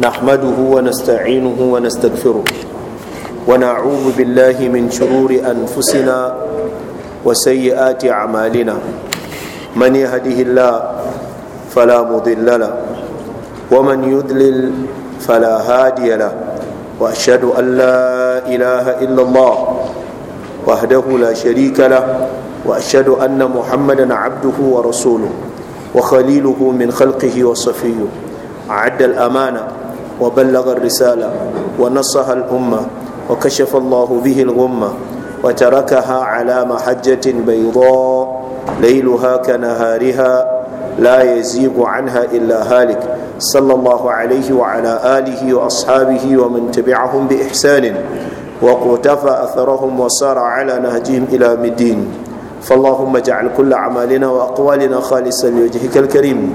نحمده ونستعينه ونستغفره ونعوذ بالله من شرور انفسنا وسيئات اعمالنا من يهده الله فلا مضل له ومن يضلل فلا هادي له واشهد ان لا اله الا الله وحده لا شريك له واشهد ان محمدا عبده ورسوله وخليله من خلقه وصفيه عد الامانه وبلغ الرسالة ونصح الأمة وكشف الله به الغمة وتركها على محجة بيضاء ليلها كنهارها لا يزيغ عنها إلا هالك صلى الله عليه وعلى آله وأصحابه ومن تبعهم بإحسان وقتفى أثرهم وسار على نهجهم إلى مدين فاللهم اجعل كل أعمالنا وأقوالنا خالصا لوجهك الكريم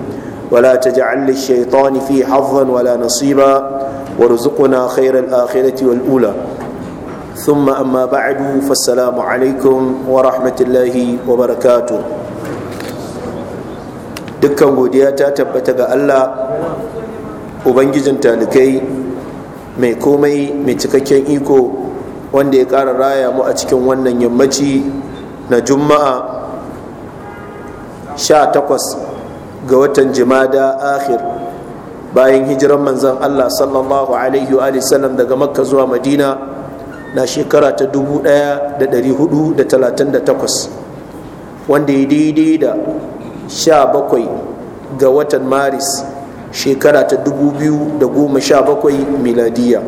ولا تجعل للشيطان فيه حظا ولا نصيبا وارزقنا خير الآخرة والأولى ثم أما بعد فالسلام عليكم ورحمة الله وبركاته dukkan godiya ta tabbata ga Allah ubangijin talikai mai komai mai cikakken iko wanda ya ƙara raya mu a cikin wannan yammaci na juma'a 18 ga watan jimada akhir bayan hijiran manzan Allah sallallahu alaihi wa sallam daga makka zuwa madina na shekara ta 1438 wanda ya daidai da 17 ga watan maris shekara ta 2017 miladiya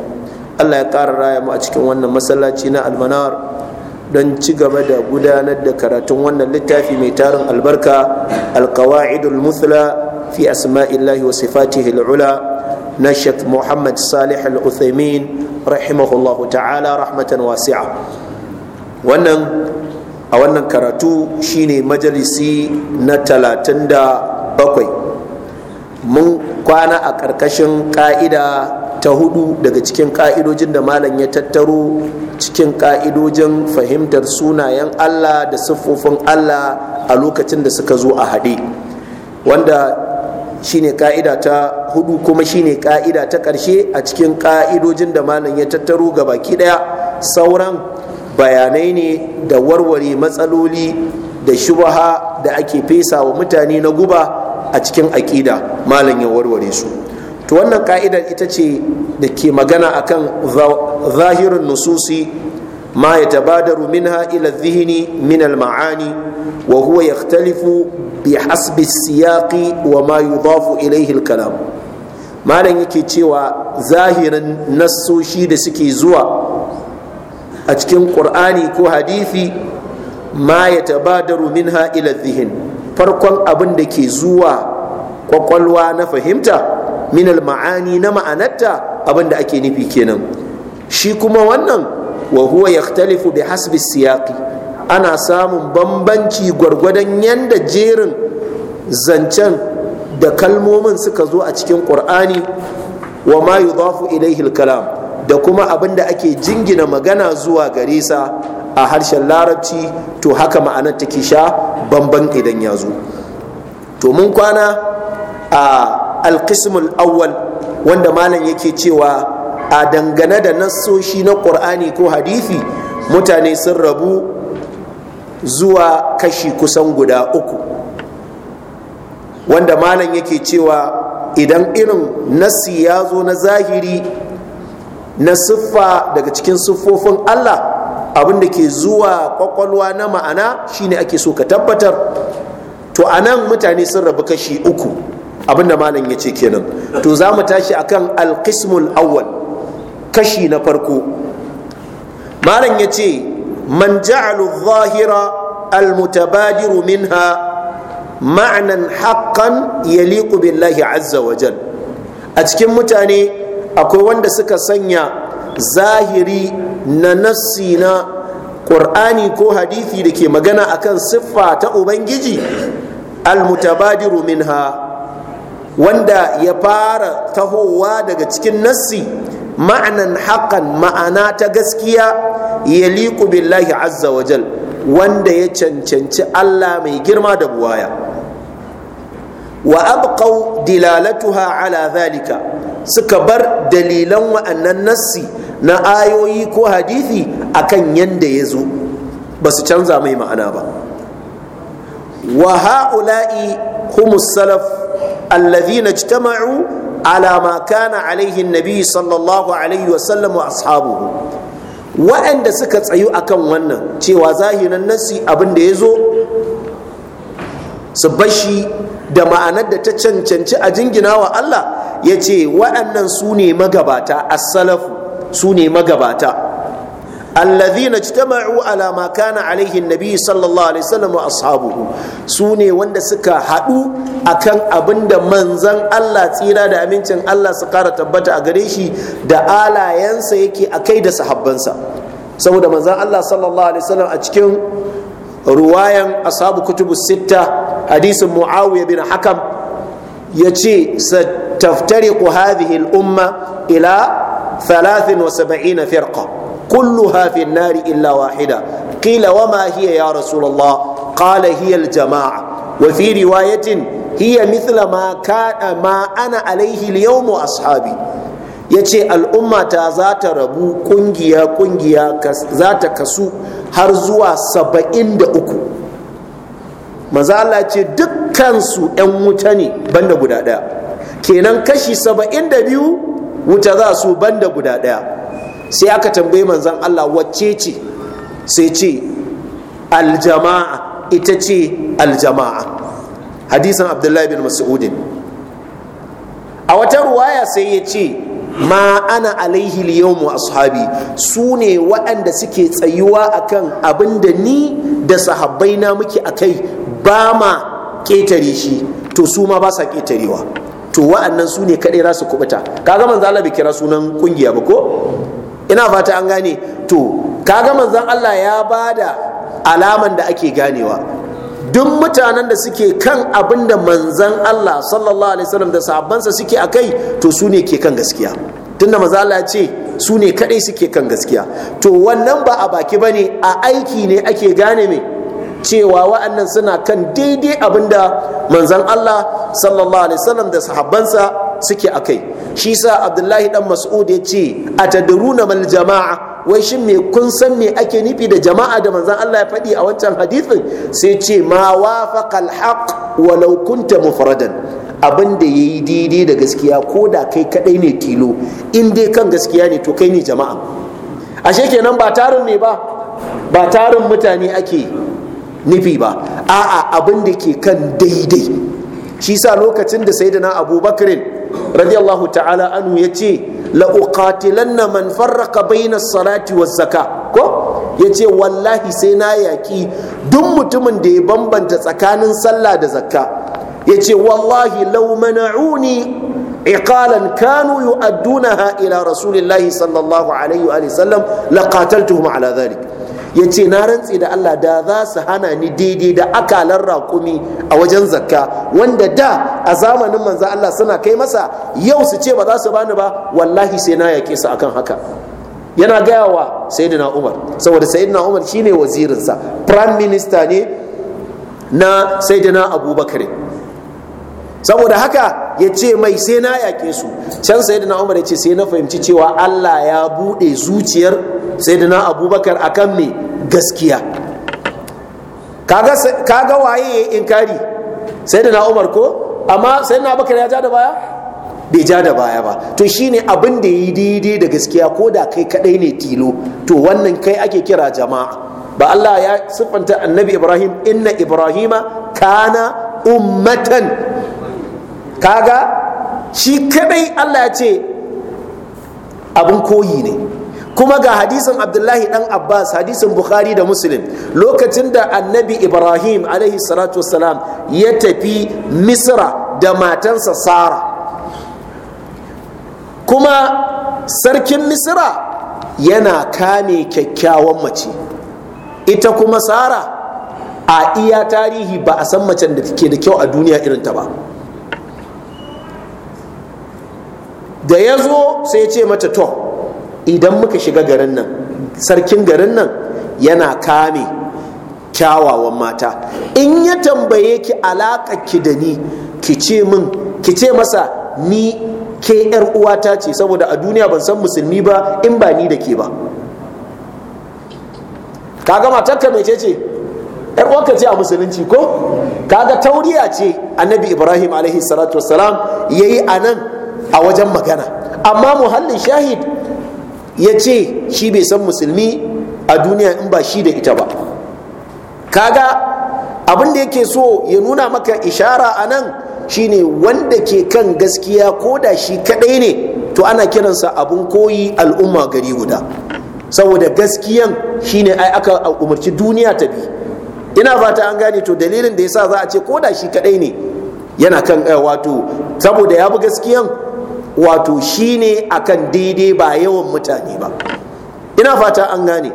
Allah ya ƙara raya mu a cikin wannan masallaci na almanar don ci gaba da gudanar da karatun wannan littafi mai tarin albarka alkawa'idul muthla fi asma'illahi wa sifatihi al'ula na sheikh muhammad salih al-uthaymin rahimahullahu ta'ala rahmatan wasi'a wannan a wannan karatu shine majalisi na talatin da bakwai mun kwana a ƙarƙashin ƙa'ida ta hudu daga cikin ka'idojin da malam ya tattaro cikin ka'idojin fahimtar sunayen allah da siffofin allah a lokacin da suka zo a haɗe wanda shine ka'ida ta hudu kuma shine ka'ida ta ƙarshe a cikin ka'idojin da malam ya tattaro ga baki ɗaya sauran bayanai ne da warware matsaloli da shubaha da ake fesa wa mutane na guba a cikin aƙida malam ya warware su to wannan ka'idar ita ce da ke magana akan zahirin nususi ma ya tabadaru minha ila zihini min al-ma'ani wa huwa yakhtalifu bi hasbi siyaqi wa ma yudafu ilayhi al-kalam malam yake cewa zahirin nasoshi da suke zuwa a cikin qur'ani ko hadisi ma ya tabadaru min ila zihin farkon abin da ke zuwa kwakwalwa na fahimta minal ma'ani na ma'anarta abin da ake nufi kenan shi kuma wannan wa huwa yaktalifu bi hasbi siyaki ana samun bambanci gwargwadon yadda jerin zancen da kalmomin suka zo a cikin ƙur'ani wa ma yudafu ilaihi kalam da kuma abin da ake jingina magana zuwa gare sa a harshen larabci to haka ma'anar take sha bamban idan ya zo to mun kwana a alkismul awwal wanda malam yake cewa a dangane da nassoshi na ƙur'ani ko hadithi mutane sun rabu zuwa kashi kusan guda uku wanda malam yake cewa idan irin nassi ya zo na zahiri na siffa daga cikin siffofin allah abinda ke zuwa kwakwalwa na ma'ana shine ake so ka tabbatar to anan mutane sun rabu kashi uku da malam ya ce kenan to za mu tashi akan alkismul awwal kashi na farko malam ya ce man ja'alu zahira almutabadiru minha ma'anan haqqan yaliqu billahi azza wa jal a cikin mutane akwai wanda suka sanya zahiri na nassi na ƙur'ani ko hadithi da ke magana akan siffa ta ubangiji almutabadiru minha wanda ya fara tahowa daga cikin nassi ma'anan haƙan ma'ana ta gaskiya ya liƙu billahi azza wa jal wanda ya cancanci Allah mai girma da buwaya wa abqau dilalatuha ala zalika suka bar dalilan wa'annan nassi na ayoyi ko hadithi akan yanda ya zo ba su canza mai ma'ana ba wa ha'ula'i humus salaf alladhina ijtama'u ala ma kana alaihi nabi sallallahu alaihi wasallam wa ashabuhu waɗanda suka tsayu akan wannan cewa zahirin nassi abin da ya zo su bashi da ma'anar da ta cancanci a jingina wa Allah ya ce waɗannan su ne magabata a salafu su ne magabata alladhina ijtama'u ala ma kana alaihi nabi sallallahu alaihi wasallam wa ashabuhu sune wanda suka haɗu akan abinda manzan Allah tsira da amincin Allah su kara tabbata a gare shi da alayansa yake akai da sahabbansa saboda manzan Allah sallallahu alaihi wasallam a cikin ruwayan ashabu kutubu sitta hadisin muawiya bin hakam yace taftariqu hadhihi al-umma ila 73 firqa kulluha fi nari illa wahida Ƙila wama hiya ya rasulullah qala hiya aljamaa wa ya riwayatin hiya mithla ma kana ana alaihi alyawm wa ashabi yace al'ummata za ta rabu kungiya kungiya za ta kasu har zuwa saba'in da uku maza ce dukkansu 'yan wuta ne banda guda ɗaya kenan kashi saba'in da biyu wuta za su banda guda ɗaya sai aka tambaye manzan Allah wacce ce sai ce aljama'a ita ce aljama'a hadisan abdullahi bin mas'udin a wata ruwaya sai ya ce ma ana alaihi yawmu ashabi su ne waɗanda suke tsayuwa akan abin da ni da sahabbai na muke akai ba ma ƙetare shi to su ma ba sa ƙetarewa to wa'annan su ne kaɗai za su kubuta kaga manzo Allah bai kira sunan ƙungiya ba ko ina fata an gane to kaga manzon Allah ya ba da alaman da ake ganewa duk mutanen da suke kan abin da manzan Allah sallallahu alaihi wasallam da sahabbansa suke a to su ne ke kan gaskiya tunda maza Allah ce su ne kadai suke kan gaskiya to wannan ba a baki bane a aiki ne ake gane me cewa wa'annan suna kan daidai abin da manzan Allah sallallahu alaihi wasallam da sahabbansa suke a kai shi sa abdullahi dan mas'ud ya ce a na mal jama'a wai shin me kun san me ake nufi da jama'a da manzon Allah ya faɗi a wancan hadithin sai ce ma wafaqa al-haq walau kunta mufradan abin da yayi daidai da gaskiya ko da kai kadai ne tilo in dai kan gaskiya ne to kai ne jama'a ashe kenan ba tarin ne ba ba tarin mutane ake nufi ba a'a abin da ke kan daidai shi sa lokacin da sayyidina Abubakar. radiyallahu ta'ala anhu yace la uqatilanna man farraqa baina salati was zaka ko yace wallahi sai na yaki duk mutumin da ya bambanta tsakanin sallah da zakka yace wallahi law mana'uni iqalan kanu yu'addunaha ila rasulillahi sallallahu alaihi wa sallam laqataltuhum ala dhalik ya ce na rantse da Allah da za su hana ni daidai da akalan raƙumi a wajen zakka wanda da a zamanin manzo Allah suna kai masa yau su ce ba za su bani ba wallahi sai na yake su akan haka yana gaya wa sayyidina Umar saboda sayyidina Umar shine wazirinsa prime minister ne na sayyidina Abubakar saboda haka ya ce mai sai na yaƙe su can na umar ya ce sai na fahimci cewa allah ya buɗe zuciyar na abubakar akan mai gaskiya kaga waye ya yi inkari na umar ko amma na abubakar ya ja da baya bai ja da baya ba to shine abin da ya yi daidai da gaskiya ko da kai kadai ne tilo to wannan kai ake kira jama'a ba allah ya siffanta annabi ibrahim inna ibrahima kana ummatan kaga shi kadai Allah ya ce abin koyi ne kuma ga hadisin abdullahi dan abbas hadisin bukhari da muslim lokacin da annabi ibrahim alaihi salatu wassalam ya tafi misra da matansa sara kuma sarkin misra yana kame kyakkyawan mace ita kuma sara a iya tarihi ba a san macen da take da kyau a duniya irinta ba da ya zo sai ya ce mata to idan muka shiga garin nan sarkin garin nan yana kame kyawawan mata in ya tambaye ki ki da ni ki ce min ki ce masa ni ke yar uwata ce saboda a duniya ban san musulmi ba in ba ni da ke ba kaga matarka mai ce yar uwarka ce a musulunci ko kaga tauriya ce annabi ibrahim alaihi salatu wassalam yayi anan a wajen magana amma muhallin shahid ya ce shi bai san musulmi a duniya in ba shi da ita ba kaga abin da yake so ya nuna maka ishara a nan shine wanda ke kan gaskiya ko da shi kadai ne to ana kiransa abun koyi al'umma gari guda saboda gaskiyan shine ai aka umarci duniya ta bi ina fata an gane to dalilin da yasa za a ce ko da shi kadai ne yana kan eh, wato saboda ya bi gaskiyan wato shine akan daidai ba yawan mutane ba ina fata an gane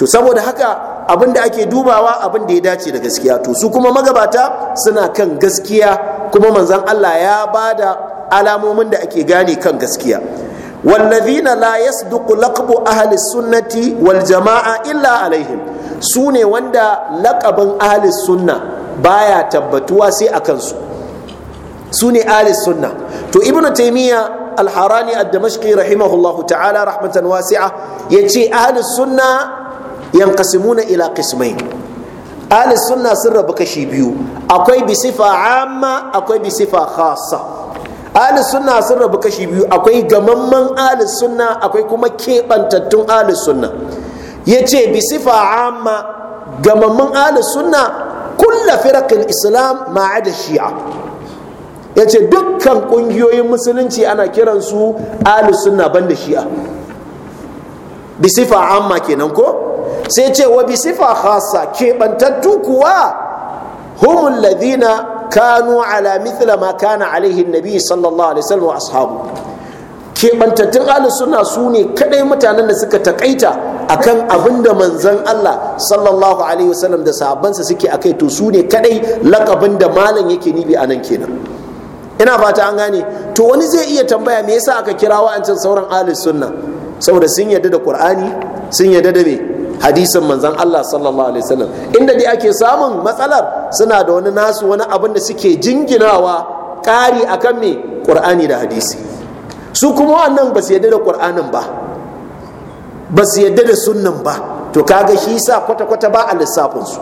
to saboda haka abin da ake dubawa abin da ya dace da gaskiya to su kuma magabata suna kan gaskiya kuma manzon Allah ya ba da alamomin da ake gane kan gaskiya والذين لا يصدق لقب أهل السنة Su ne wanda wanda وندا ahli sunna tabbatuwa tabbatuwa sai سي Su ne ahli sunna To ibnu taymiya alharani ad-damashqi rahimahullahu ta'ala rahmatan wasi'a yace ahli sunna yanqasimuna ila qismain ahli sunna sun rabu kashi biyu akwai bi sifa amma akwai bi sifa khassa ahli sunna sun rabu kashi biyu akwai gamamman ahli sunna akwai kuma kebantattun ahli sunna yace bi sifa amma gamamman ahli sunna kullu firaqil islam ma'ada shi'a ya ce dukkan ƙungiyoyin musulunci ana kiransu ahlus sunna banda shi'a bi sifa amma kenan ko sai ce wa bi sifa khassa keɓantattu kuwa humul ladina kanu ala mithla ma kana alaihi nabi sallallahu alaihi wasallam wa ashabu keɓantattun ahlus sunna su ne kadai mutanen da suka takaita akan abin da manzon Allah sallallahu alaihi wasallam da sahabbansa suke akai to su ne kadai lakabin da malam yake nibi anan kenan ina fata an gane to wani zai iya tambaya me yasa aka kira wa'ancin sauran ahlus sunna saboda sun yarda da qur'ani sun yarda da me hadisin manzon Allah sallallahu alaihi wasallam inda dai ake samun matsalar suna da wani nasu wani abin da suke jinginawa kari akan me qur'ani da hadisi su kuma wannan ba su yarda da qur'anin ba ba su yarda da sunnan ba to kaga shi sa kwata-kwata ba a su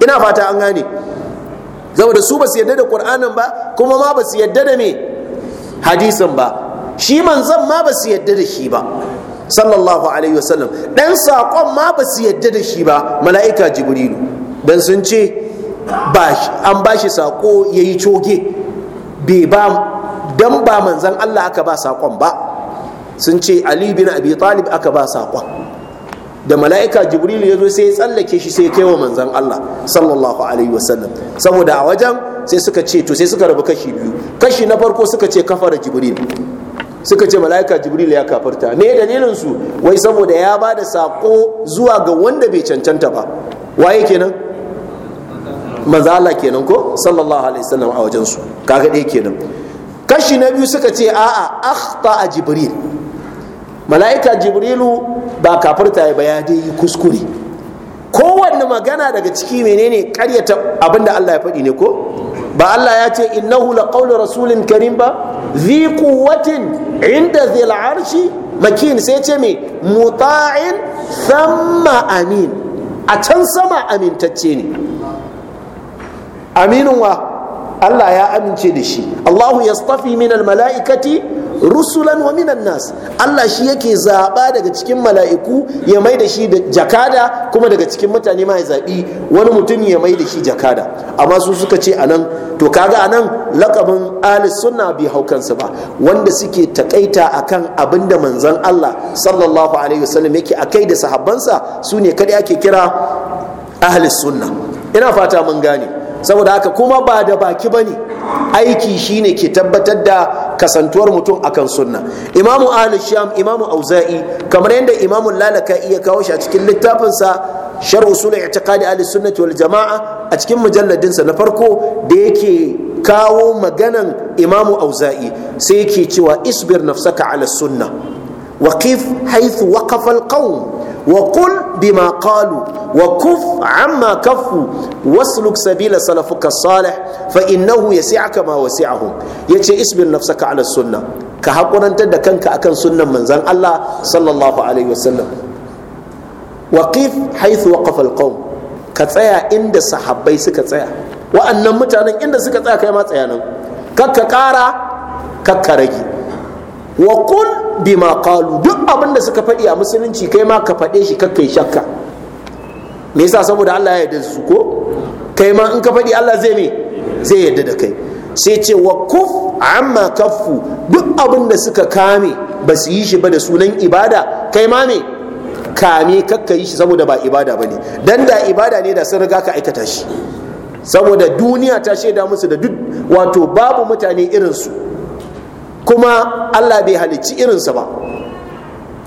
ina fata an gane saboda su ba su yarda da qur'anin ba kuma ma ba su yadda da me hadisin ba shi manzan ma ba su yadda da shi ba sallallahu alaihi wasallam dan saƙon ma ba su yadda da shi ba mala'ika jibrilu dan sun ce an ba shi saƙo ya yi coge bai ba dan ba manzan Allah aka ba saƙon ba sun ce ali bin abi talib aka ba saƙon da mala'ika jibrilu ya zo sai ya tsallake shi sai ya kai wa manzan Allah sallallahu alaihi wasallam saboda a wajen sai suka ce to sai suka rabu kashi biyu kashi na farko suka ce kafara jibril suka ce mala'ika jibril ya kafarta me dalilin su wai saboda ya ba da sako zuwa ga wanda bai cancanta ba waye kenan manzo Allah kenan ko sallallahu alaihi wasallam a wajen su kaga dai kenan kashi na biyu suka ce a'a akhta a jibril mala'ika jibrilu ba kafarta ya ba ya dai kuskure kowanne magana daga ciki menene karyata abinda Allah ya faɗi ne ko ba Allah ya ce innahu laqawlu rasulin karim ba zi قوة inda ذي العرش makin sai ce mai muta'in thamma amin a can sama amintacce ne aminin wa Allah ya amince da shi Allahu yastafi min mala'ikati rusulan wa minan nas Allah shi yake zaba daga cikin mala'iku ya mai da shi jakada kuma daga cikin mutane ma ya zabi wani mutum ya mai da shi jakada amma su suka ce anan to kaga anan lakabin ahli sunna bi haukansu ba wanda suke takaita akan abinda manzon Allah sallallahu alaihi wasallam yake akai da sahabbansa su ne kada ake kira ahli sunna ina fata mun gane saboda haka kuma ba da baki ba ne aiki shine ke tabbatar da kasantuwar mutum akan sunna imamu ahli sham imamu auza'i kamar yadda imamu lalaka iya kawo shi a cikin littafinsa sharh usul i'tiqadi ahli sunnati wal jama'a a cikin mujalladinsa na farko da yake kawo maganan imamu auza'i sai yake cewa isbir nafsaka ala sunna وقف حيث وقف القوم وقل بما قالوا وكف عما كفوا واسلك سبيل سلفك الصالح فإنه يسعك ما وسعهم يتي اسبر نفسك على السنة كهقرنت دكنك أكن سنة من زن الله صلى الله عليه وسلم وقف حيث وقف القوم كتايا عند صحابي سكتايا وأن متانا عند سكتايا كما تايا كك كارا كك رجي wa kun bima qalu duk abin da suka faɗi a musulunci kai ma ka faɗe shi kakkai shakka me yasa saboda Allah ya yarda su ko kai ma in ka faɗi Allah zai me zai yarda da kai sai ce wa kuf amma kaffu duk abin da suka kame ba su yi shi ba da sunan ibada kai ma me kame kakka yi shi saboda ba ibada ba ne dan da ibada ne da sun riga ka aikata shi saboda duniya ta shaida musu da duk wato babu mutane irin su. kuma Allah bai halicci irinsa ba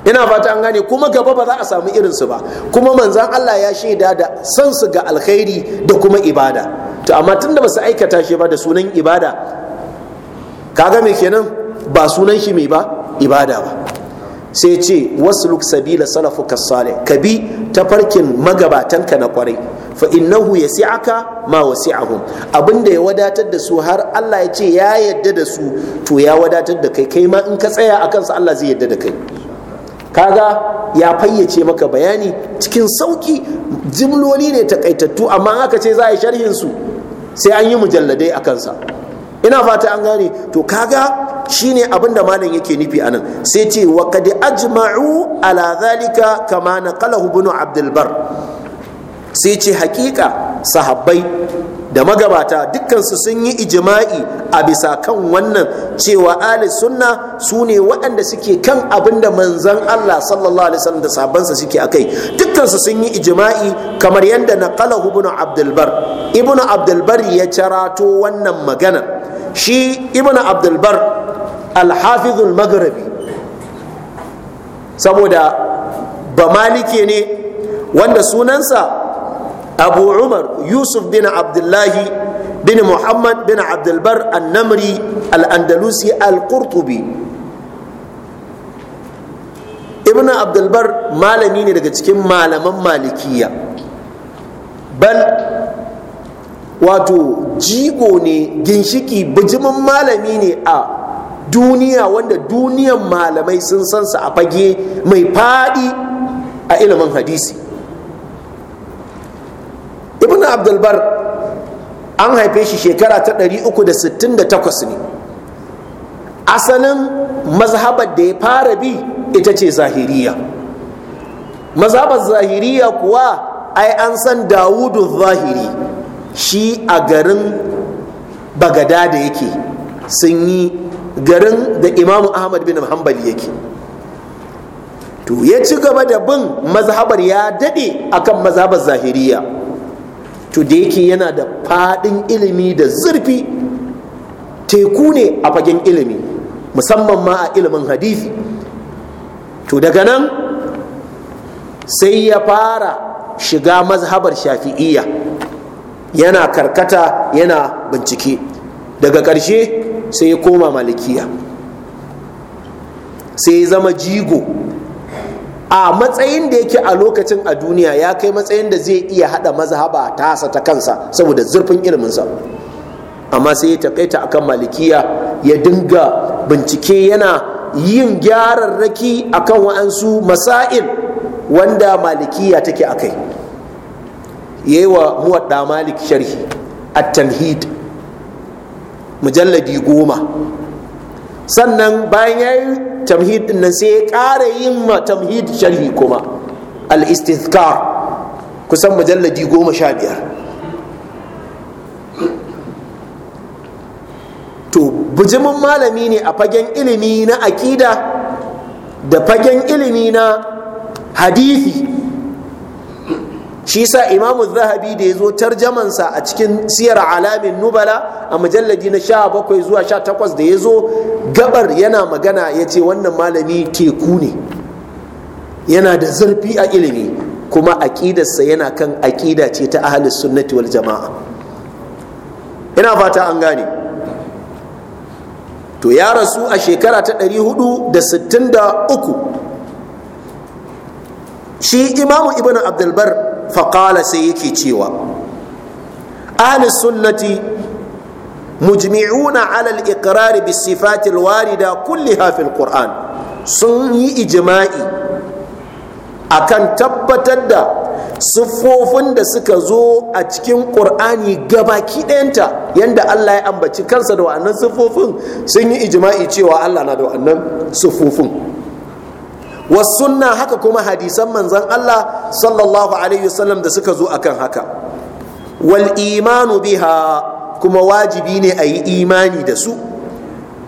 ina fata an gane kuma gaba ba za a samu irinsu ba kuma manzan Allah ya shaida da san su ga alkhairi da kuma ibada to amma tunda ba su aikata shi ba da sunan ibada kaga me kenan ba sunan shi mai ba ibada ba sai ce wasu sabila salafu salih ka bi ta tafarkin magabatanka na kwarai fa innahu yasi'aka ma wasi'ahum da ya wadatar da su har Allah ya ce ya yadda da su to ya wadatar da kai kai ma in ka tsaya akan sa Allah zai yadda da kai kaga ya fayyace maka bayani cikin sauki jimloli ne takaitattu amma aka ce za a yi sharhin su sai an yi mujalladai a kansa ina fata an gane to kaga shine abin da malam yake nufi anan sai ce wa qad ajma'u ala zalika kama naqalahu ibn abdul bar sai ce hakika sahabbai da magabata dukkansu sun yi ijima'i a bisa kan wannan cewa Ali sunna su ne waɗanda suke kan abin da manzan Allah sallallahu alaihi wasallam da sahabbansa suke akai dukkansu sun yi ijima'i kamar yadda na ƙala ibnu abdulbar ibnu abdulbar ya carato wannan magana shi ibnu abdulbar alhafizul hafizul saboda ba malike ne wanda sunansa abu umar yusuf bin abdullahi bin muhammad bin abdulbar annamri al'andalusi al-qurtubi ibn abdulbar malami ne daga cikin malaman malikiya bal wato jigo ne ginshiki bijimin malami ne a duniya wanda duniyan malamai sun sansa a fage mai faɗi a ilimin hadisi ibn abdulbar an haife shi shekara ta 368 ne asalin mazhabar da ya fara bi ita ce zahiriya mazhabar zahiriya kuwa ai an san dawudu zahiri shi a garin bagada da yake sun yi garin da imamu ahmad bin hanbali yake to ya ci gaba da bin mazhabar ya daɗe akan mazhabar zahiriya to da yake yana da faɗin ilimi da zurfi teku ne a fagen ilimi musamman ma a ilimin hadisi to daga nan sai ya fara shiga mazhabar shafi'iyya yana karkata yana bincike daga ƙarshe sai ya koma malikiya sai ya zama jigo a matsayin da yake a lokacin a duniya ya kai matsayin da zai iya hada mazhaba tasa ta kansa saboda zurfin iliminsa amma sai ya takaita akan malikiya ya dinga bincike yana yin gyararraki akan wa'ansu masail wanda malikiya take a kai ya yi wa muwadda malik sharhi at-tanhid mujalladi goma sannan bayan ya yi tamhid nan sai ya ƙara yin ma tamhid sharhi kuma al-istithkar kusan mujalladi goma sha biyar to bujimin malami ne a fagen ilimi na aƙida da fagen ilimi na hadithi shi sa imamu zahabi da ya zo tarjamansa a cikin siyar alamin nubala a mujalladi na sha bakwai zuwa sha takwas da ya zo gabar yana magana ya ce wannan malami teku ne yana da zurfi a ilimi kuma aƙidarsa yana kan aƙida ce ta ahalis sunnati wal jama'a ina fata an gane to ya rasu a shekara ta 463 shi imamu ibn abdulbar faƙala sai yake cewa ahalis sunnati mujmi'una alal iqrari bis sifatil warida kulliha fil qur'an sun yi ijma'i akan tabbatar da siffofin da suka zo a cikin ƙur'ani gabaki ɗayanta yadda Allah ya ambaci kansa da wa'annan siffofin sun yi ijima'i cewa Allah na da wa'annan siffofin wasu haka kuma hadisan manzan Allah sallallahu alaihi wasallam da suka zo akan haka wal imanu biha kuma wajibi ne a yi imani da su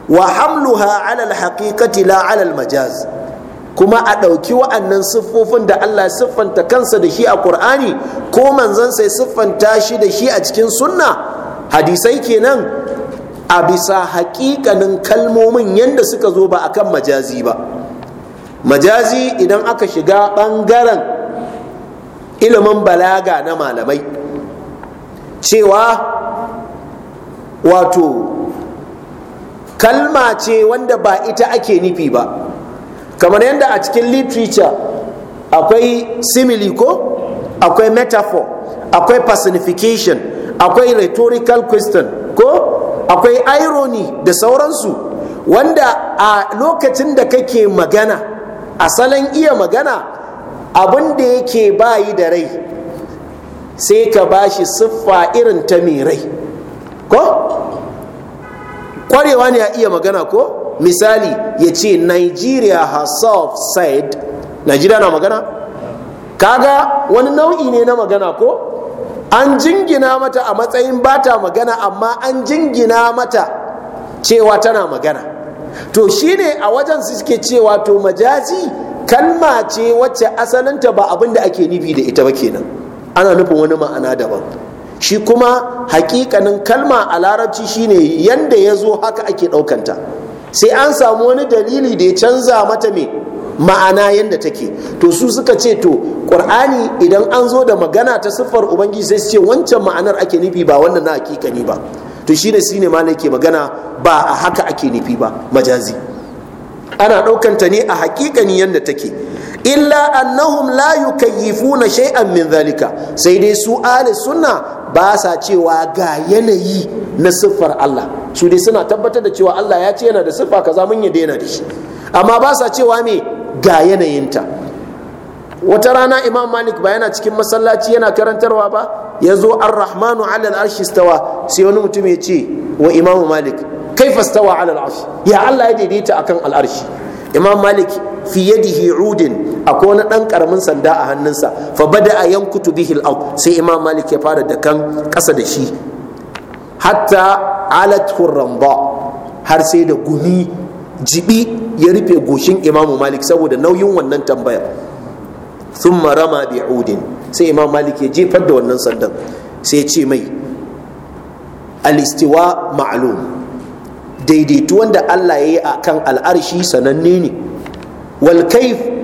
wa hamluha alal haqiqati la alal majaz kuma a ɗauki wa'annan siffofin da Allah siffanta kansa da shi a Kur'ani ko manzon sai siffanta shi da shi a cikin sunna hadisai kenan a bisa haƙiƙanin kalmomin yadda suka zo ba akan majazi ba majazi idan aka shiga ɓangaren ilimin balaga na malamai cewa wato kalma ce wanda ba ita ake nufi ba kamar yadda a cikin literature akwai simili ko akwai metaphor akwai personification akwai rhetorical question ko akwai irony da sauransu wanda a lokacin da kake magana asalin iya magana abin da yake bayi da rai sai ka bashi siffa irin ta mai rai ko kwarewa ne a iya magana ko misali ya ce nigeria herself said nigeria na magana kaga wani nau'i ne na magana ko an jingina mata a matsayin bata magana amma an jingina mata cewa tana magana to shine a wajen suke cewa to majazi kalma ce wacce asalinta ba abin da ake nufi da ita ba kenan ana nufin wani ma'ana daban shi kuma hakikanin kalma a larabci shine yanda ya zo haka ake ɗaukanta sai an samu wani dalili da ya canza mata me ma'ana yadda take to su suka ce to ƙur'ani idan an zo da magana ta siffar ubangiji sai su ce wancan ma'anar ake nufi ba wannan na hakikani ba to shi ne shine ma ke magana ba a haka ake nufi ba majazi ana ɗaukanta ne a hakikani yadda take illa annahum la yukayyifuna shay'an min zalika sai dai su ahli sunna ba sa cewa ga yanayi na siffar Allah su dai suna tabbatar da cewa Allah ya ce yana da siffa kaza mun yi daina da shi amma ba sa cewa me ga yanayinta wata rana imam malik ba yana cikin masallaci yana karantarwa ba ya zo ar-rahmanu alal arshi stawa sai wani mutum ya ce wa Imam malik kaifa stawa alal arshi ya Allah ya daidaita akan al-arshi imam malik fi yadihi udin akwai wani dan karamin sanda a hannunsa fa bada yankutu bihi al sai imam malik ya fara dakan kasa da shi hatta alat hurramba har sai da gumi jibi ya rufe goshin imam malik saboda nauyin wannan tambayar thumma rama bi udin sai imam malik ya jefar da wannan sandan sai ce mai alistiwa ma'lum daidaitu wanda Allah ya yi a kan al'arshi sananne ne wal Gairu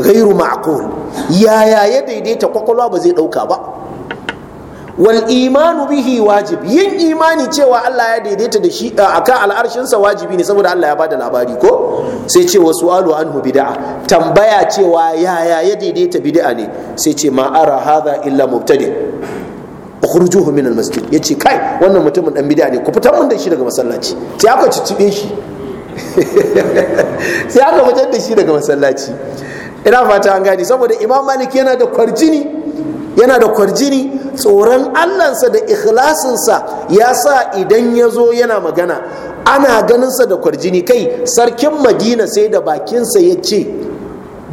ghairu ma'qul yaya ya daidaita kwakwalwa ba zai ɗauka ba wal imanu bihi wajib yin imani cewa Allah ya daidaita da shi a akan al'arshinsa wajibi ne saboda Allah ya ba da labari ko sai ce wa su'alu anhu bid'a tambaya cewa yaya ya daidaita bid'a ne sai ce ma ara hadha illa mubtadi ukhrujuhu min al-masjid yace kai wannan mutumin ɗan bid'a ne ku fitar mun da shi daga masallaci sai aka cicibe shi sai aka fitar da shi daga masallaci ina fata an gani saboda imam malik yana da kwarjini yana da kwarjini tsoron allansa da ikhlasinsa ya sa idan ya zo yana magana ana ganinsa da kwarjini kai sarkin madina sai da bakinsa ya ce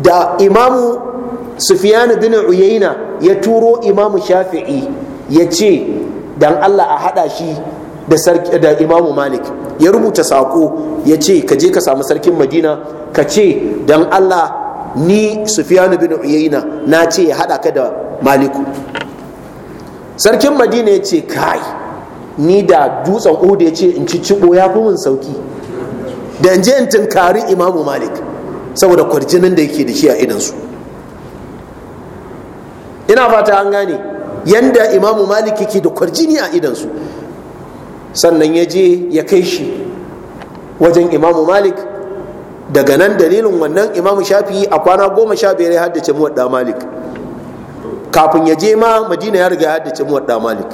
da imamu sufiyanu bin uyaina ya turo imamu shafi'i ya ce dan allah a haɗa shi da imamu malik ya rubuta sako ya ce ka je ka samu sarkin madina ka ce don allah ni sufiyanu bin uyayna na ce ya haɗa ka da maliku sarkin madina ya ce kai ni da dutsen uhudu ya ce in ci cibo ya fi min sauki da in je in tunkari imamu malik saboda kwarjinin da yake da shi a idansu ina fata an gane yanda imamu malik yake da kwarjini a idansu sannan ya je ya kai shi wajen imamu malik daga nan dalilin wannan imamu shafi'i a kwana goma sha biyar ya haddace da malik kafin ya je ma madina ya riga ya haddace da malik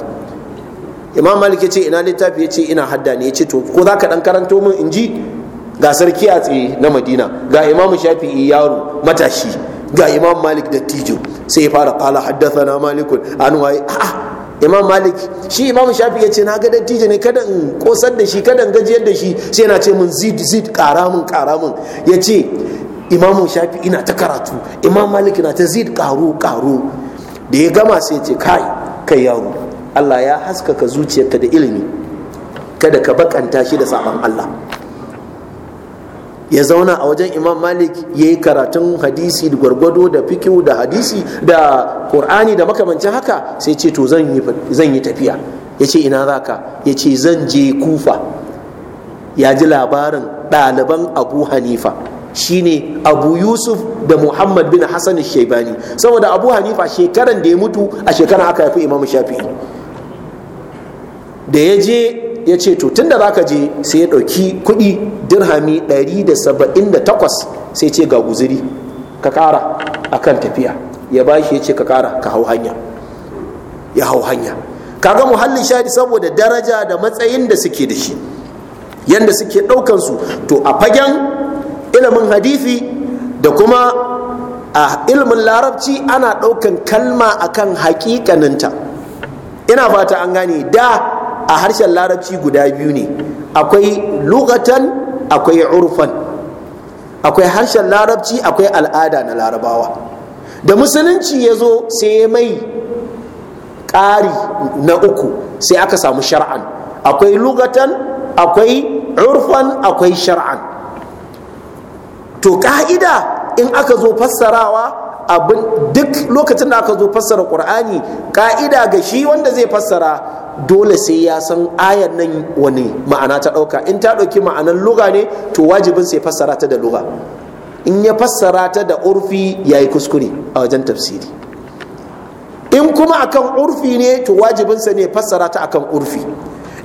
imam malik ya ce ina littafi ya ce ina hadda ne ya ce to ko za ka dan karanto min in ji ga sarki a tsaye na madina ga imam shafi'i yaro matashi ga imam malik dattijo sai ya fara kala haddasa na malikun an waye a'a imam malik shi imam shafi ya ce na ga dattijo ne kada in kosar da shi kada in gajiyar da shi sai yana ce mun zid zid kara mun kara mun ya ce imam shafi ina ta karatu imam malik na ta zid karu karu da ya gama sai ya ce kai kai yaro Allah ya haskaka zuciyarka da ilimi kada ka bakanta shi da sabon Allah ya zauna a wajen imam malik ya yi karatun hadisi da gwargwado da fikiu da hadisi da ƙur'ani da makamancin haka sai ce to zan yi tafiya ya ce ina za ka ya ce zan je kufa ya ji labarin ɗaliban abu hanifa shine abu yusuf da muhammad bin hassan shaibani saboda abu hanifa shekaran da ya mutu a shekaran aka haifi imam shafi'i da ya je ya ce to tunda za ka je sai ya ɗauki kuɗi dirhami 178 sai ce ga guziri ka ƙara a kan tafiya ya ba shi ya ce ka kara ka hau hanya ya hau hanya kaga muhallin shadi saboda daraja da matsayin da suke da shi yadda suke ɗaukan su to a fagen ilimin hadithi da kuma a ilimin larabci ana ɗaukan kalma akan hakikaninta ina fata an gane da a harshen larabci guda biyu ne akwai lugatan akwai urfan akwai harshen larabci akwai al'ada na larabawa da musulunci ya zo sai mai ƙari na uku sai aka samu shar'an akwai lugatan akwai urfan akwai shar'an to ka'ida in aka zo fassarawa abin duk lokacin da aka zo fassara ƙur'ani ka'ida ga shi wanda zai fassara dole sai ya san ayar nan wani ma'ana ta ɗauka in ta ɗauki ma'anar luga ne to wajibin sai fassara ta da luga in ya fassara ta da urfi ya yi kuskure a wajen tafsiri in kuma akan urfi ne to wajibinsa ne fassara ta akan urfi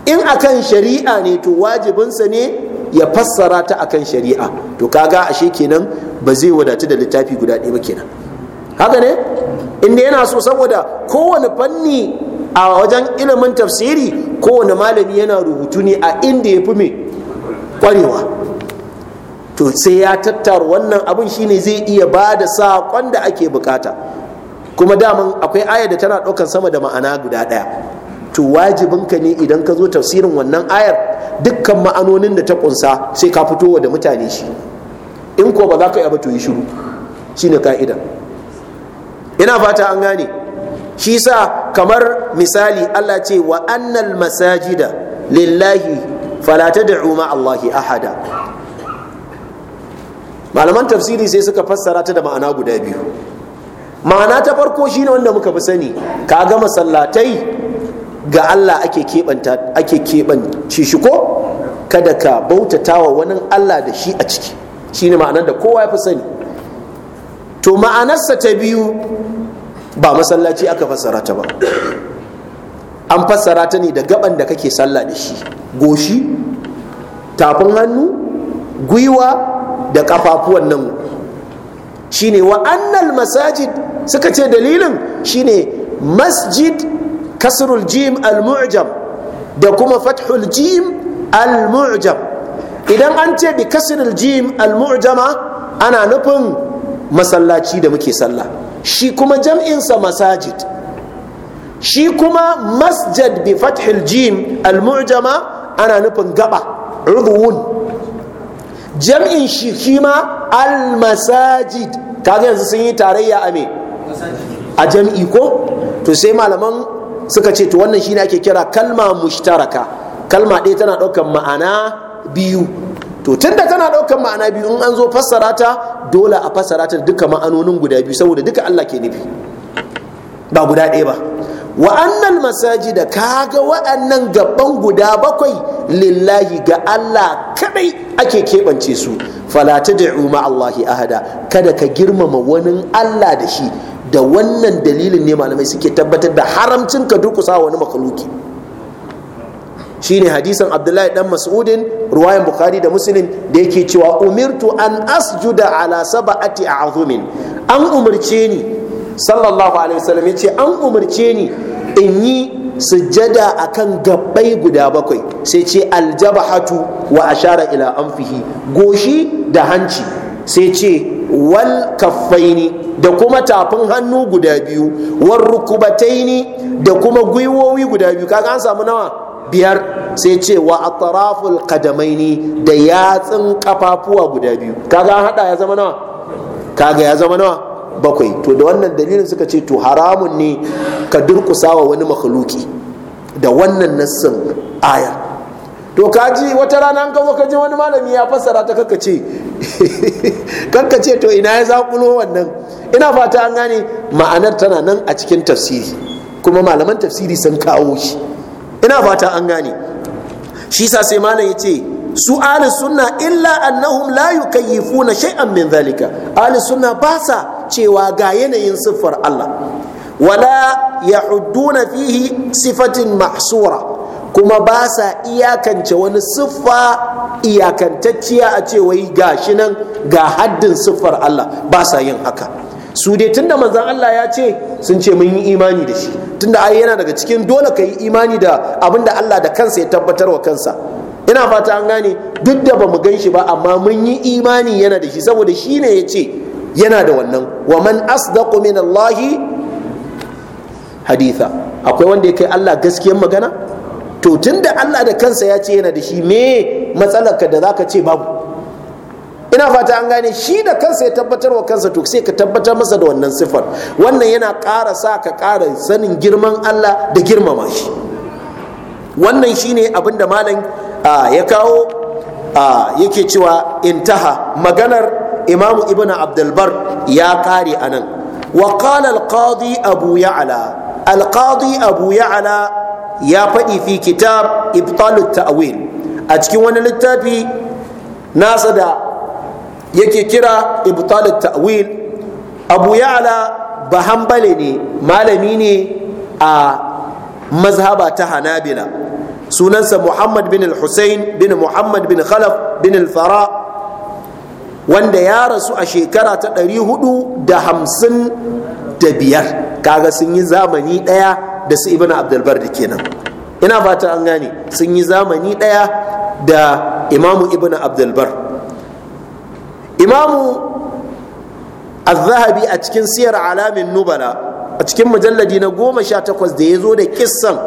in akan shari'a ne to wajibinsa ne ya fassara ta akan shari'a to kaga ashe kenan ba zai wadatu da littafi guda ɗaya ba kenan haka ne inda yana so saboda kowane fanni a wajen ilimin tafsiri kowane malami yana rubutu ne a inda ya fi mai kwarewa to sai ya tattara wannan abin shine zai iya ba da saƙon da ake bukata kuma daman akwai aya da tana ɗaukar sama da ma'ana guda ɗaya to wajibinka ne idan ka zo tafsirin wannan ayar dukkan ma'anonin da ta ƙunsa, sai ka fito wa da mutane shi in ko ba za ka yi ba to yi shiru shine ka'ida ina fata an gane shi sa kamar misali Allah ce wa annal masajida lillahi fala tad'u ma Allahi ahada malaman tafsiri sai suka fassara ta da ma'ana guda biyu ma'ana ta farko shine wanda muka fi sani kaga masallatai ga Allah ake kebanta ake keban shi ko kada ka bautatawa wani Allah da shi a ciki shine ma'anar da kowa ya fi sani to ma'anarsa ta biyu ba masallaci aka fassara ta ba an fassara ta ne da gaban da kake sallah da shi goshi tafin hannu gwiwa da kafafuwan nan shine wa annal masajid suka ce dalilin shine masjid kasrul jim al-mu'jam da kuma fathul jim al-mu'jam idan an ce bi kasrul jim al-mu'jama ana nufin masallaci da muke sallah shi kuma jam'insa masajid shi kuma masjad bi fathil jim al-mu'jama ana nufin gaba udhun jam'in shi shi ma al-masajid kaga yanzu sun yi tarayya a me a jam'i ko to sai malaman suka ce to wannan shine ake kira kalma mushtaraka kalma ɗaya tana ɗaukar ma'ana biyu to tunda tana ɗaukar ma'ana biyu in an zo fassara ta dole a fassara ta duka ma'anonin guda biyu saboda duka Allah ke nufi ba guda ɗaya ba wa'annan masaji da kaga wa'annan gaban guda bakwai lillahi ga Allah kaɗai ake keɓance su fala tad'u ma'allahi ahada kada ka girmama wani Allah da shi da wannan dalilin ne malamai suke tabbatar da haramcin ka durkusa wani makaluki shine hadisin abdullahi dan mas'udin ruwayan bukhari da muslim da yake cewa umirtu an asjuda ala sab'ati a'zumin an umarce ni sallallahu alaihi wasallam yace an umarce ni in yi sujjada kan gabbai guda bakwai sai ce aljabahatu wa ashara ila anfihi goshi da hanci sai ce wal kaffaini da kuma tafin hannu guda biyu wal rukubataini da kuma gwiwowi guda biyu kaga an samu nawa biyar sai ce wa atraful qadamaini da yatsun kafafuwa guda biyu kaga an hada ya zama nawa kaga ya zama nawa bakwai to da wannan dalilin suka ce to haramun ne ka durkusawa wani makhluki da wannan nassin ayar to kaji wata rana an kawo kaji wani malami ya fassara ta kakkace ce to ina ya zakulo wannan ina fata an gane ma'anar tana nan a cikin tafsiri kuma malaman tafsiri sun kawo shi ina fata an gane shi sa sai malam ya ce su ahli sunna illa annahum la yukayyifuna shay'an min zalika ahli suna ba sa cewa ga yanayin siffar Allah wala yahudduna fihi sifatin mahsura kuma ba sa iyakance wani siffa iyakantacciya a ce wai gashi nan ga haddin siffar Allah ba sa yin haka su dai tunda manzon Allah ya ce sun ce mun yi imani da shi tunda ai yana daga cikin dole ka yi imani da abin da Allah da kansa ya tabbatar wa kansa ina fata an gane duk da bamu gan shi ba amma mun yi imani yana da shi saboda shi ne ya ce yana da wannan wa man asdaqu min Allahi haditha akwai wanda ya kai Allah gaskiyar magana to tunda Allah da kansa ya ce yana da shi me matsalar ka da zaka ce babu ina fata an gane shi da kansa ya tabbatar wa kansa to sai ka tabbatar masa da wannan sifar wannan yana ƙara sa ka ƙara sanin girman Allah da girmama shi wannan shine abin da malam ya kawo yake cewa intaha maganar Imam ibn abdulbar ya kare a nan wa qala al-qadi abu ya'la al-qadi abu ya'la ya faɗi fi kitab ibtalut ta'wil a cikin wani littafi nasa da yake kira ibtalat ta'wil abu ya'la bahambale ne malami ne a mazhaba ta hanabila sunansa muhammad bin al-husayn bin muhammad bin khalaf bin al-fara wanda ya rasu a shekara ta ɗari 455 kaga sun yi zamani daya da su ibn abdulbar da kenan ina fata an gane sun yi zamani ɗaya da imamu ibn abdulbar imamu azahabi zahabi a cikin siyar alamin nubala a cikin mujalladi na goma sha takwas da ya zo da kissan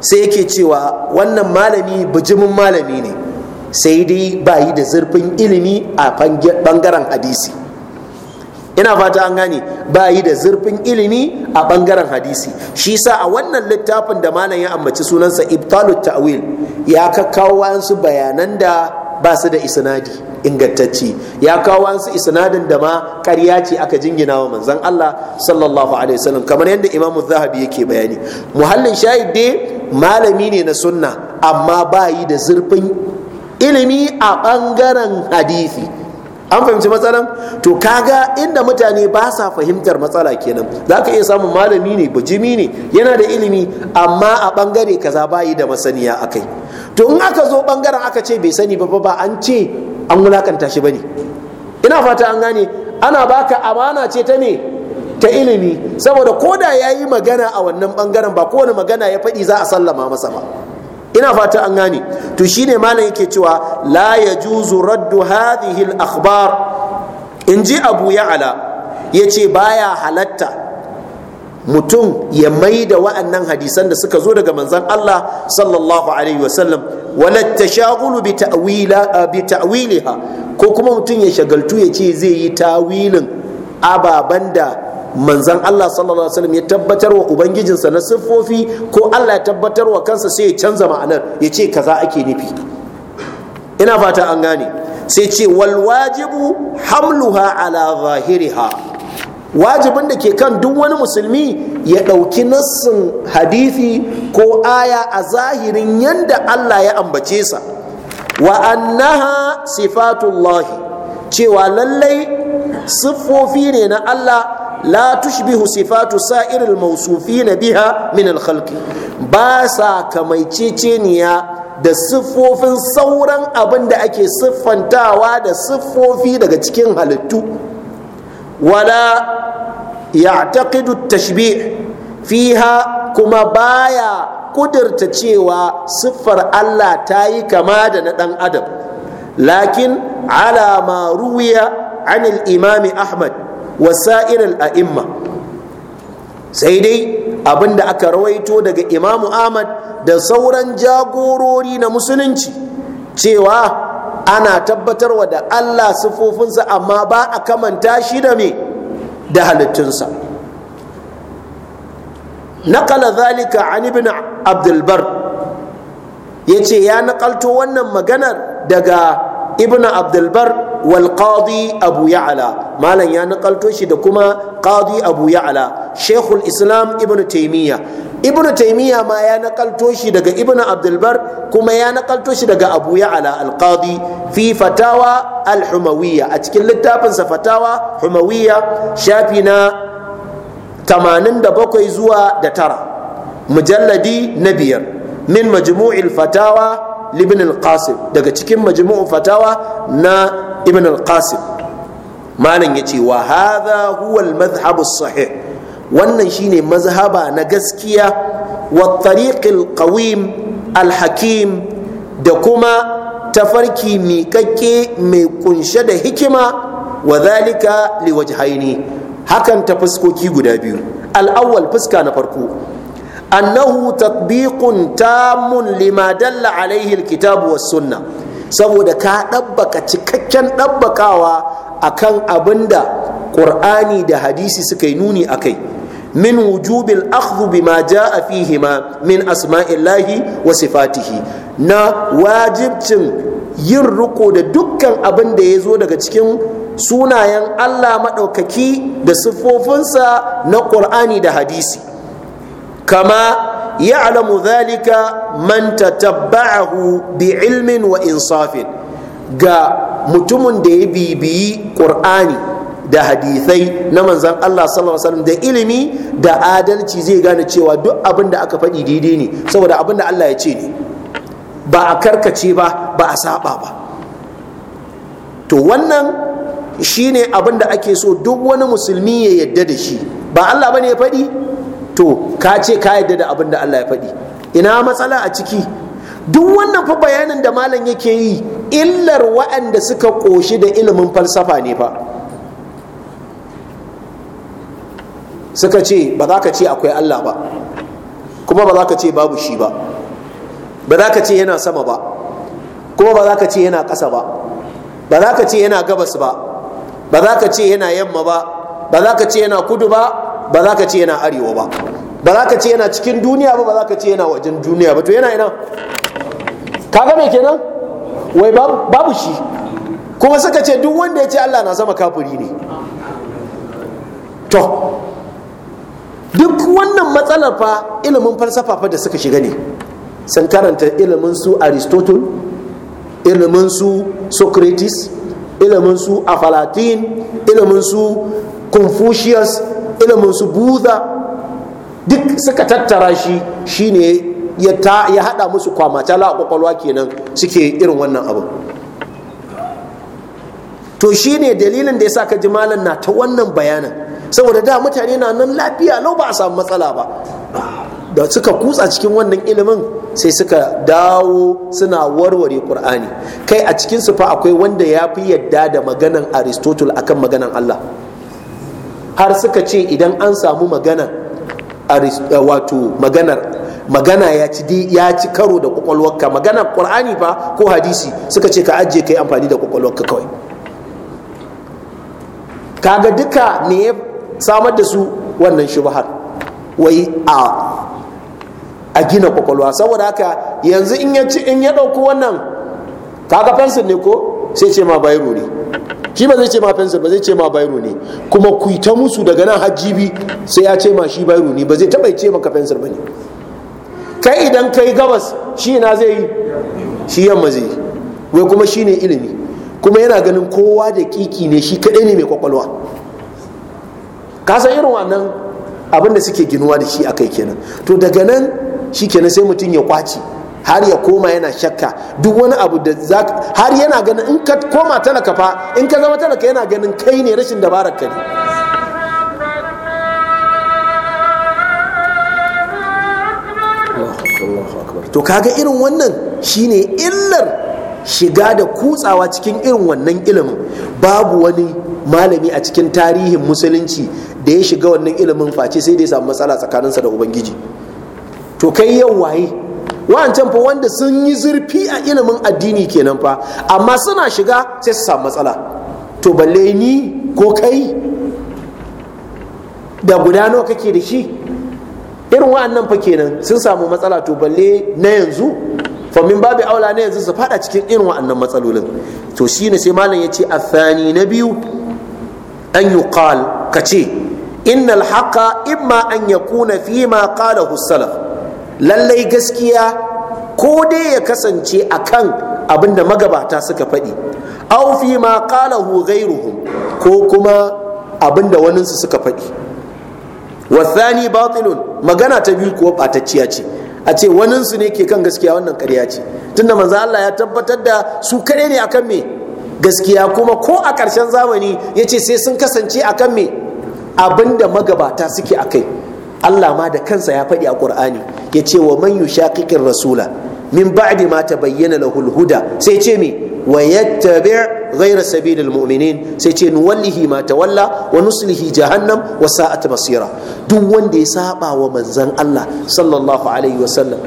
sai yake cewa wannan malami bijimin malami ne sai dai ba yi da zurfin ilimi a bangaren hadisi ina fata an gane ba yi da zurfin ilimi a bangaren hadisi shi sa a wannan littafin da malam ya ambaci sunansa ibtalut ta'wil ya kakkawo wayansu bayanan da ba su da isnadi ingantacci ya kawo wasu isnadin da ma ƙarya ce aka jingina wa manzon Allah sallallahu alaihi wasallam kamar yadda Imam Zahabi yake bayani muhallin shahid dai malami ne na sunna amma bayi da zurfin ilimi a ɓangaren hadisi an fahimci matsalan to kaga inda mutane ba sa fahimtar matsala kenan za ka iya samun malami ne bujimi ne yana da ilimi amma a bangare kaza bayi da masaniya a kai, to in aka zo bangaren aka ce bai sani ba ba an ce an wulakanta shi bane ina fata an gane ana baka amana ce ta ne ta ilimi saboda koda ya yi magana a wannan bangaren ba kowane magana ya faɗi za a sallama masa ba ina fata an gane to shine malam yake cewa la yajuzu raddu hadhihi al-akhbar in ji abu ya'ala yace baya halatta mutum ya mai da wa'annan hadisan da suka zo daga manzon Allah sallallahu alaihi wasallam wala bi ta'wila eh, bi ta'wiliha ko kuma mutum ya shagaltu ya ce zai yi tawilin ababan da manzan Allah sallallahu alaihi wasallam ya tabbatar wa ubangijinsa na siffofi ko Allah ya tabbatar wa kansa sai ya canza ma'anar ya ce kaza ake nufi ina fata an gane sai ce wal wajibu hamluha ala zahiriha wajibin da ke kan duk wani musulmi ya ɗauki nassin hadithi ko aya a zahirin yanda Allah ya ambace sa wa annaha sifatullahi cewa lallai siffofi ne na Allah la tushbihu sifatu sa'iril mawsufina biha min al-khalqi ba sa kamaiceceniya da siffofin sauran abin da ake siffantawa da siffofi daga cikin halittu wala ya'taqidu tashbih fiha kuma baya kudirta cewa siffar Allah ta yi kama da na ɗan adam lakin ala ma ruwiya anil imami ahmad wa sa'iral a'imma sai dai abin da aka rawaito daga imamu ahmad da sauran jagorori na musulunci cewa ana tabbatarwa da allah sifofinsa amma ba a kamanta shi da me da halittunsa naƙala zalika an ibn abdulbar ya ce ya naƙalto wannan maganar daga ibn abdulbar wal qadi abu ya'la malam ya nakalto shi da kuma qadi abu ya'la shaykhul islam ibn taymiya ibn taymiya ma ya nakalto shi daga ibn Abdulbar, kuma ya nakalto shi daga abu ya'la al qadi fi fatawa al humawiyya a cikin littafinsa sa fatawa humawiyya shafi na bakwai zuwa da tara mujalladi na biyar min majmu'il fatawa libin al-qasim daga cikin majmu'in fatawa na ibn al-qasim malam yace wa hadha huwa al-madhhab as-sahih wannan shine mazhaba na gaskiya wa tariq al-qawim al-hakim da kuma tafarki miƙaƙƙe mai kunshe da hikima wa zalika liwajhaini hakan ta fuskoki guda biyu al-awwal fuska na farko annahu tatbiqun tamun lima dalla alaihi al-kitab was sunnah saboda ka ɗabbaka cikakken ɗabbakawa a kan abin da ƙur'ani da hadisi suka yi nuni a kai min wujubil akhdhu bima jaa fihima min asma'illahi wa sifatihi na wajibcin yin riko da dukkan abin da ya zo daga cikin sunayen Allah maɗaukaki da siffofinsa na ƙur'ani da hadisi kama ya'lamu zalika man tatabba'ahu bi ilmin wa insafin ga mutumin da ya bibiyi qur'ani da hadisai na manzan Allah sallallahu alaihi wasallam da ilimi da adalci zai gane cewa duk abin da aka faɗi daidai ne saboda abin da Allah ya ce ne ba a karkace ba ba a saba ba to wannan shine abin da ake so duk wani musulmi ya yadda da shi ba Allah bane ya faɗi to ka ce ka yadda da abin da Allah ya faɗi ina matsala a ciki duk wannan fa bayanin da malam yake yi illar wa'anda suka ƙoshi da ilimin falsafa ne fa suka ce ba za ka ce akwai Allah ba kuma ba za ka ce babu shi ba ba za ka ce yana sama ba kuma ba za ka ce yana ƙasa ba ba za ka ce yana gabas ba ba za ka ce yana yamma ba ba za ka ce yana kudu ba ba za ka ce yana arewa ba ba za ka ce yana cikin duniya ba ba za ka ce yana wajen duniya ba to yana ina ga me kenan wai babu shi kuma suka ce duk wanda ya ce Allah na sama kafiri ne to duk wannan matsalar fa ilimin falsafa fa da suka shiga ne sun karanta ilimin su aristotle ilimin su socrates ilimin su afalatin ilimin su confucius ilimin su buza duk suka tattara shi shine ya ya hada musu kwamata a kwakwalwa kenan suke irin wannan abu to shine dalilin da ya sa ka ji malam na ta wannan bayanan, saboda da mutane na nan lafiya lau ba a samu matsala ba da suka kutsa cikin wannan ilimin sai suka dawo suna warware qur'ani kai a cikin fa akwai wanda ya fi yadda da maganan aristotle akan maganan allah har suka ce idan an samu magana wato maganar magana ya ci ya ci karo da kwakwalwarka magana qur'ani fa ko hadisi suka ce ka ajiye kai amfani da kwakwalwarka kawai kaga duka me ya samar da su wannan shubhar wai a a gina kwakwalwa saboda haka yanzu in ya ci in ya ɗauko wannan kaga fensin ne ko sai ce ma bayro ne shi ba zai ce ma fensir ba zai ce ma bayro ne kuma ku ta musu daga nan hajjibi sai ya ce ma shi bayro ne ba zai taɓa ce maka fensir ba ne kai idan kai gabas shi na zai yi shi yamma zai yi wai kuma shi ne ilimi kuma yana ganin kowa da kiki ne shi kaɗai ne mai kwakwalwa kasan irin wannan abin da suke ginuwa da shi a kai kenan to daga nan shi kenan sai mutum ya kwaci har ya koma yana shakka duk wani abu da za har yana ganin in ka koma talaka fa in ka zama talaka yana ganin kai ne rashin dabarar ka ne to kaga irin wannan shine illar shiga da kutsawa cikin irin wannan ilimin babu wani malami a cikin tarihin musulunci da ya shiga wannan ilimin face sai da ya samu matsala tsakaninsa da ubangiji to kai yau waye wancan fa wanda sun yi zurfi a ilimin addini kenan fa amma suna shiga sai su samu matsala to balle ni ko kai da guda nawa kake da shi irin wa'annan fa kenan sun samu matsala to balle na yanzu famin babu aula na yanzu su fada cikin irin wa'annan matsalolin to shi ne sai malam ya ce a thani na biyu an yuqal ka ce innal haqa imma an yakuna fi ma qalahu salaf lallai gaskiya ko dai ya kasance akan abin da magabata suka faɗi aufi ma qalahu ghayruhum ko kuma abin waninsu suka faɗi wasani batilun magana ta biyu kuwa ɓatacciya ce a ce waninsu ne ke kan gaskiya wannan ƙarya ce tunda manzo Allah ya tabbatar da su kare ne akan me gaskiya kuma ko a ƙarshen zamani ya ce sai sun kasance akan me abinda magabata suke a kai. Allah ma da kansa ya faɗi a ƙur'ani ya ce wa man yushaqiqir rasula min ba'di ma tabayyana lahul huda sai ce me wa yattabi' ghayra sabilil mu'minin sai ce nuwallihi ma tawalla wa nuslihi jahannam wa sa'at masira duk wanda ya saba wa manzon Allah sallallahu alaihi wa sallam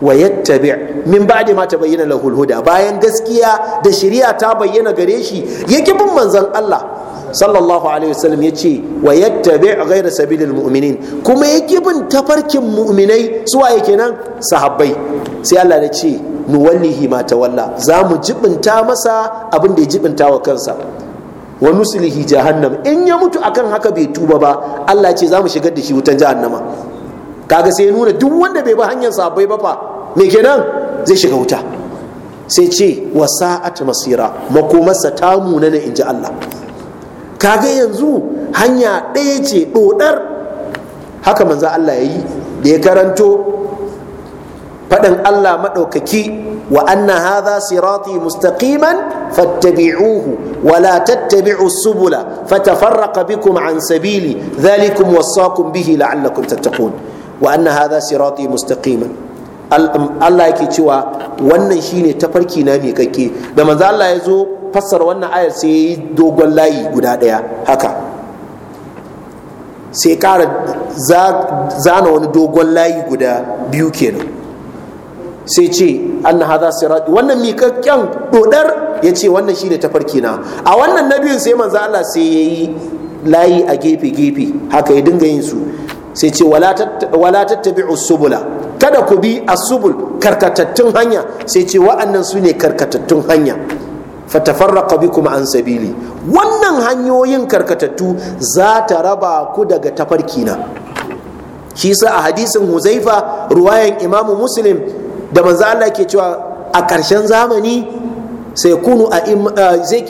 wa yattabi' min ba'di ma ta lahul huda bayan gaskiya da shari'a ta bayyana gare shi yake bin manzon Allah sallallahu alaihi wasallam ce, wa yattabi ghayra sabilil mu'minin kuma yake bin tafarkin mu'minai suwa yake nan sahabbai sai Allah ya ce nuwallihi ma tawalla za mu jibinta masa abin da ya jibinta wa kansa wa nuslihi jahannam in ya mutu akan haka bai tuba ba Allah ce za mu shigar da shi wutan jahannama kaga sai ya nuna duk wanda bai ba hanyar sahabbai ba fa me kenan zai shiga wuta sai ce wa sa'at masira makomarsa ta munana in ji Allah ga yanzu hanya ɗaya ce ɗoɗar haka manzo Allah ya yi da ya karanto faɗin Allah maɗaukaki wa anna hadha sirati mustaqiman fattabi'uhu wa la tattabi'u subula fatafarraqa bikum an sabili dhalikum wasaqum bihi la'allakum tattaqun wa anna hadha sirati mustaqiman Allah yake cewa wannan shine tafarki na miƙaƙe da manzo Allah ya zo fassara wannan ayar sai ya yi dogon layi guda ɗaya haka sai ƙara zana wani dogon layi guda biyu kenan sai ce haza sai sirat wannan mikakken dodar ya ce wannan shine tafarki na a wannan na biyun sai manzo Allah sai yi layi a gefe gefe haka ya dinga yin su sai ce wala tattabi'u subula kada ku bi asubul karkatattun hanya sai ce wa'annan su ne karkatattun hanya fatafarraqa kuma an sabili wannan hanyoyin karkatattu za ta raba ku daga tafarkina shi sa a hadisin huzaifa ruwayan imamu muslim da manzo Allah ke cewa a ƙarshen zamani sai kunu a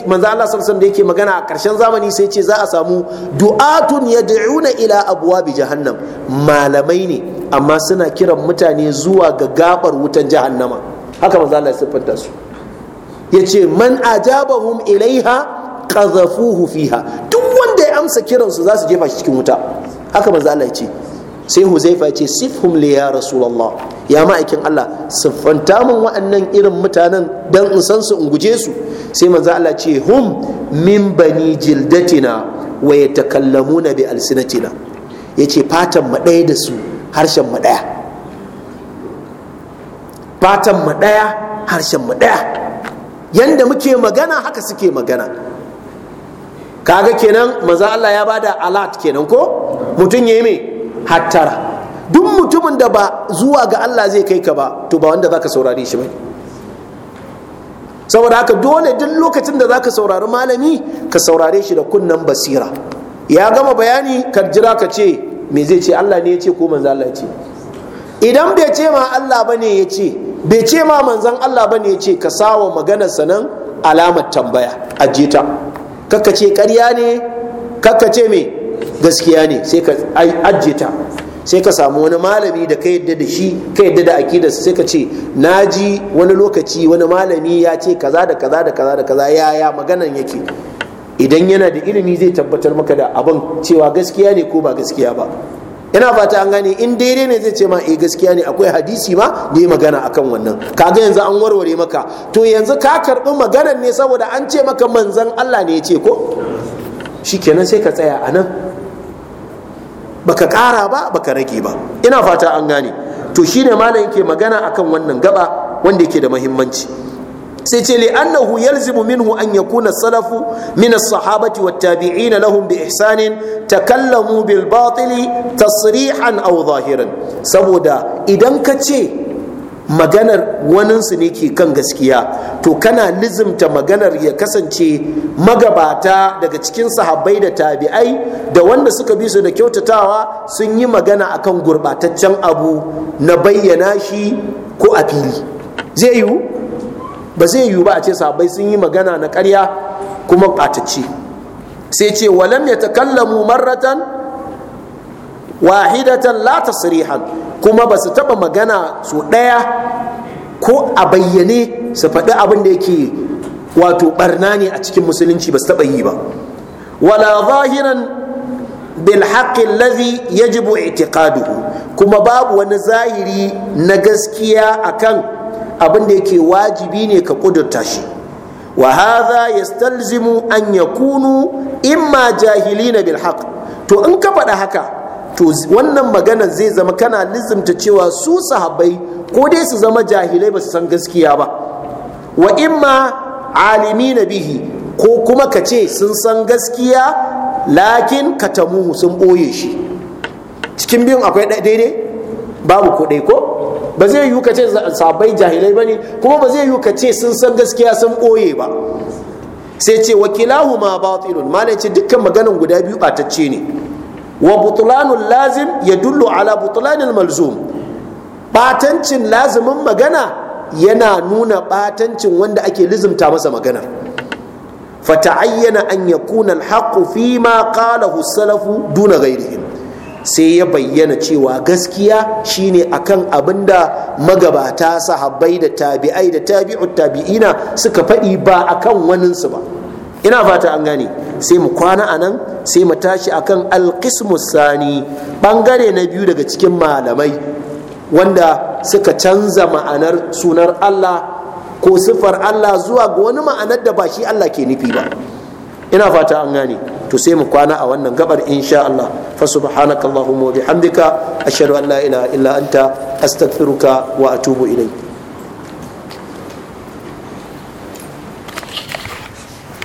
manzo Allah sallallahu da yake magana a ƙarshen zamani sai ce za a samu du'atun yad'una ila abwabi jahannam malamai ne amma suna kiran mutane zuwa ga gabar wutan jahannama haka manzo Allah ya siffanta su yace man ajabahum ilaiha qazafuhu fiha duk wanda ya amsa kiransu za su jefa shi cikin wuta haka manzo Allah ya ce sai huzaifa ce sifhum li ya rasulullah ya ma'aikin Allah siffanta min wa'annan irin mutanen dan in san su in guje su sai manzo Allah ce hum min bani jildatina wa yatakallamuna bi alsinatina yace fatan mu ɗaya da su harshen mu mu ɗaya harshen mu ɗaya yanda muke magana haka suke magana kaga kenan maza Allah ya bada alat kenan ko mutum ya yi mai hattara duk mutumin da ba zuwa ga Allah zai kai ka ba to ba wanda zaka saurari shi bane saboda haka dole duk lokacin da za ka saurari malami ka saurare shi da kunnan basira ya gama bayani ka jira ka ce me zai ce Allah ne ya ce ko manzo Allah ya ce idan bai ce ma Allah ba ne ya ce bai ce ma manzan Allah ba ne ya ce ka sawa maganarsa nan alamar tambaya a jita kakka ce karya ne kakka ce me gaskiya ne sai ka sai ka samu wani malami da ka yadda da shi ka yadda da su, sai ka ce na ji wani lokaci wani malami ya ce kaza da kaza da kaza da kaza ya maganan yake idan yana da ilimi zai tabbatar maka da abin cewa gaskiya ne ko ba gaskiya ba ina fata an gane in daidai ne zai ce ma eh gaskiya ne akwai hadisi ma da yi magana akan wannan kaga yanzu an warware maka to yanzu ka karbi maganar ne saboda an ce maka manzon Allah ne ya ce ko shikenan sai ka tsaya a nan baka ƙara ba baka rage ba ina fata an gane to shine malam yake magana akan wannan gaba wanda yake da muhimmanci sai ce li annahu yalzimu minhu an yakuna salafu min as-sahabati wat tabi'ina lahum bi ihsanin takallamu bil batili tasrihan aw zahiran saboda idan ka ce maganar waninsu ne ke kan gaskiya to kana nizimta maganar ya kasance magabata daga cikin sahabbai da tabi'ai da wanda suka bi su da kyautatawa sun yi magana akan gurbataccen abu na bayyana shi ko a fili zai yiwu ba zai yiwu ba a ce sahabbai sun yi magana na ƙarya kuma ɓatacce sai ce walam ya takallamu marratan wahidatan la tasrihan kuma ba su taɓa magana su ɗaya ko a bayyane su faɗi abin da yake wato ɓarna ne a cikin musulunci ba su taɓa yi ba wala zahiran بالحق الذي kuma babu wani zahiri na gaskiya akan. abin da yake wajibi ne ka kudurta shi wa haza yastalzimu an yakunu imma jahilina bil haqq to in ka faɗa haka to wannan maganar zai zama kana lizimta cewa su sahabbai ko dai su zama jahilai ba su san gaskiya ba wa imma alimina bihi ko kuma ka ce sun san gaskiya lakin katamuhu sun ɓoye shi cikin biyun akwai daidai babu kuɗai ko ba zai yi kace sabai jahilai bane kuma ba zai yi kace sun san gaskiya sun boye ba sai ce wakilahu ma batilun malai ce dukkan maganan guda biyu batacce ne wa butlanul lazim yadullu ala butlanil malzum batancin lazimin magana yana nuna batancin wanda ake lizumta masa magana fata'ayyana an yakuna alhaqu fi ma qalahu salafu duna ghairihim sai ya bayyana cewa gaskiya shine akan abinda magabata sahabbai da tabi'ai da tabi'ut tabi'ina suka faɗi ba akan waninsu ba ina fata an gane sai mu kwana a nan sai mu tashi akan alkismus sani ɓangare na biyu daga cikin malamai wanda suka canza ma'anar sunar allah ko siffar allah zuwa ga wani ma'anar da ba shi allah ke nufi ba ina fata an gane to sai mu kwana a wannan gabar insha Allah fa subhanakallahumma wa bihamdika ashhadu an la ilaha illa anta astaghfiruka wa atubu ilayk